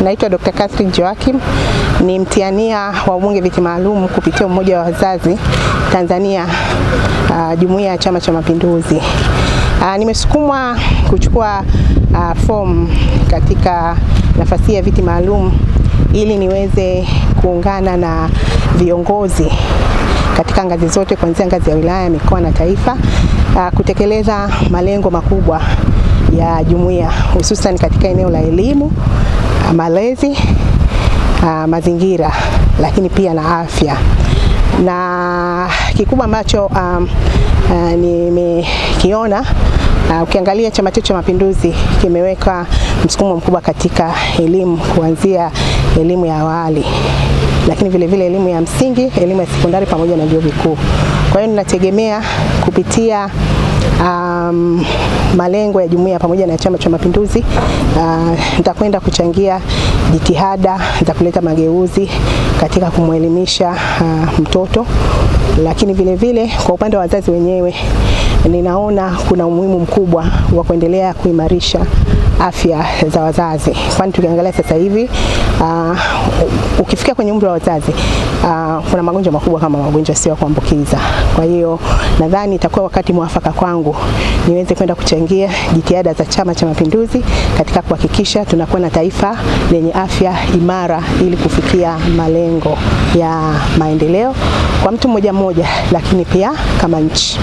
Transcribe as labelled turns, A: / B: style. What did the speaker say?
A: Naitwa Dr. Catherine Joachim, ni mtiania wa ubunge viti maalum kupitia Umoja wa Wazazi Tanzania, uh, Jumuiya ya Chama cha Mapinduzi. Uh, nimesukumwa kuchukua uh, fomu katika nafasi ya viti maalum ili niweze kuungana na viongozi katika ngazi zote kuanzia ngazi ya wilaya, mikoa na taifa uh, kutekeleza malengo makubwa ya jumuiya hususan katika eneo la elimu malezi, uh, mazingira, lakini pia na afya na kikubwa ambacho um, uh, nimekiona uh, ukiangalia Chama chetu cha Mapinduzi kimeweka msukumo mkubwa katika elimu kuanzia elimu ya awali, lakini vile vile elimu ya msingi, elimu ya sekondari pamoja na vyuo vikuu. Kwa hiyo ninategemea kupitia um, malengo ya jumuiya pamoja na Chama cha Mapinduzi. Uh, nitakwenda kuchangia jitihada za kuleta mageuzi katika kumwelimisha uh, mtoto, lakini vile vile kwa upande wa wazazi wenyewe ninaona kuna umuhimu mkubwa wa kuendelea kuimarisha afya za wazazi, kwani tukiangalia sasa hivi uh, ukifikia kwenye umri wa wazazi uh, kuna magonjwa makubwa kama magonjwa sio kuambukiza. Kwa hiyo nadhani itakuwa wakati mwafaka kwangu niweze kwenda kuchangia jitihada za Chama cha Mapinduzi katika kuhakikisha tunakuwa na taifa lenye afya imara ili kufikia malengo ya maendeleo kwa mtu mmoja mmoja, lakini pia kama nchi.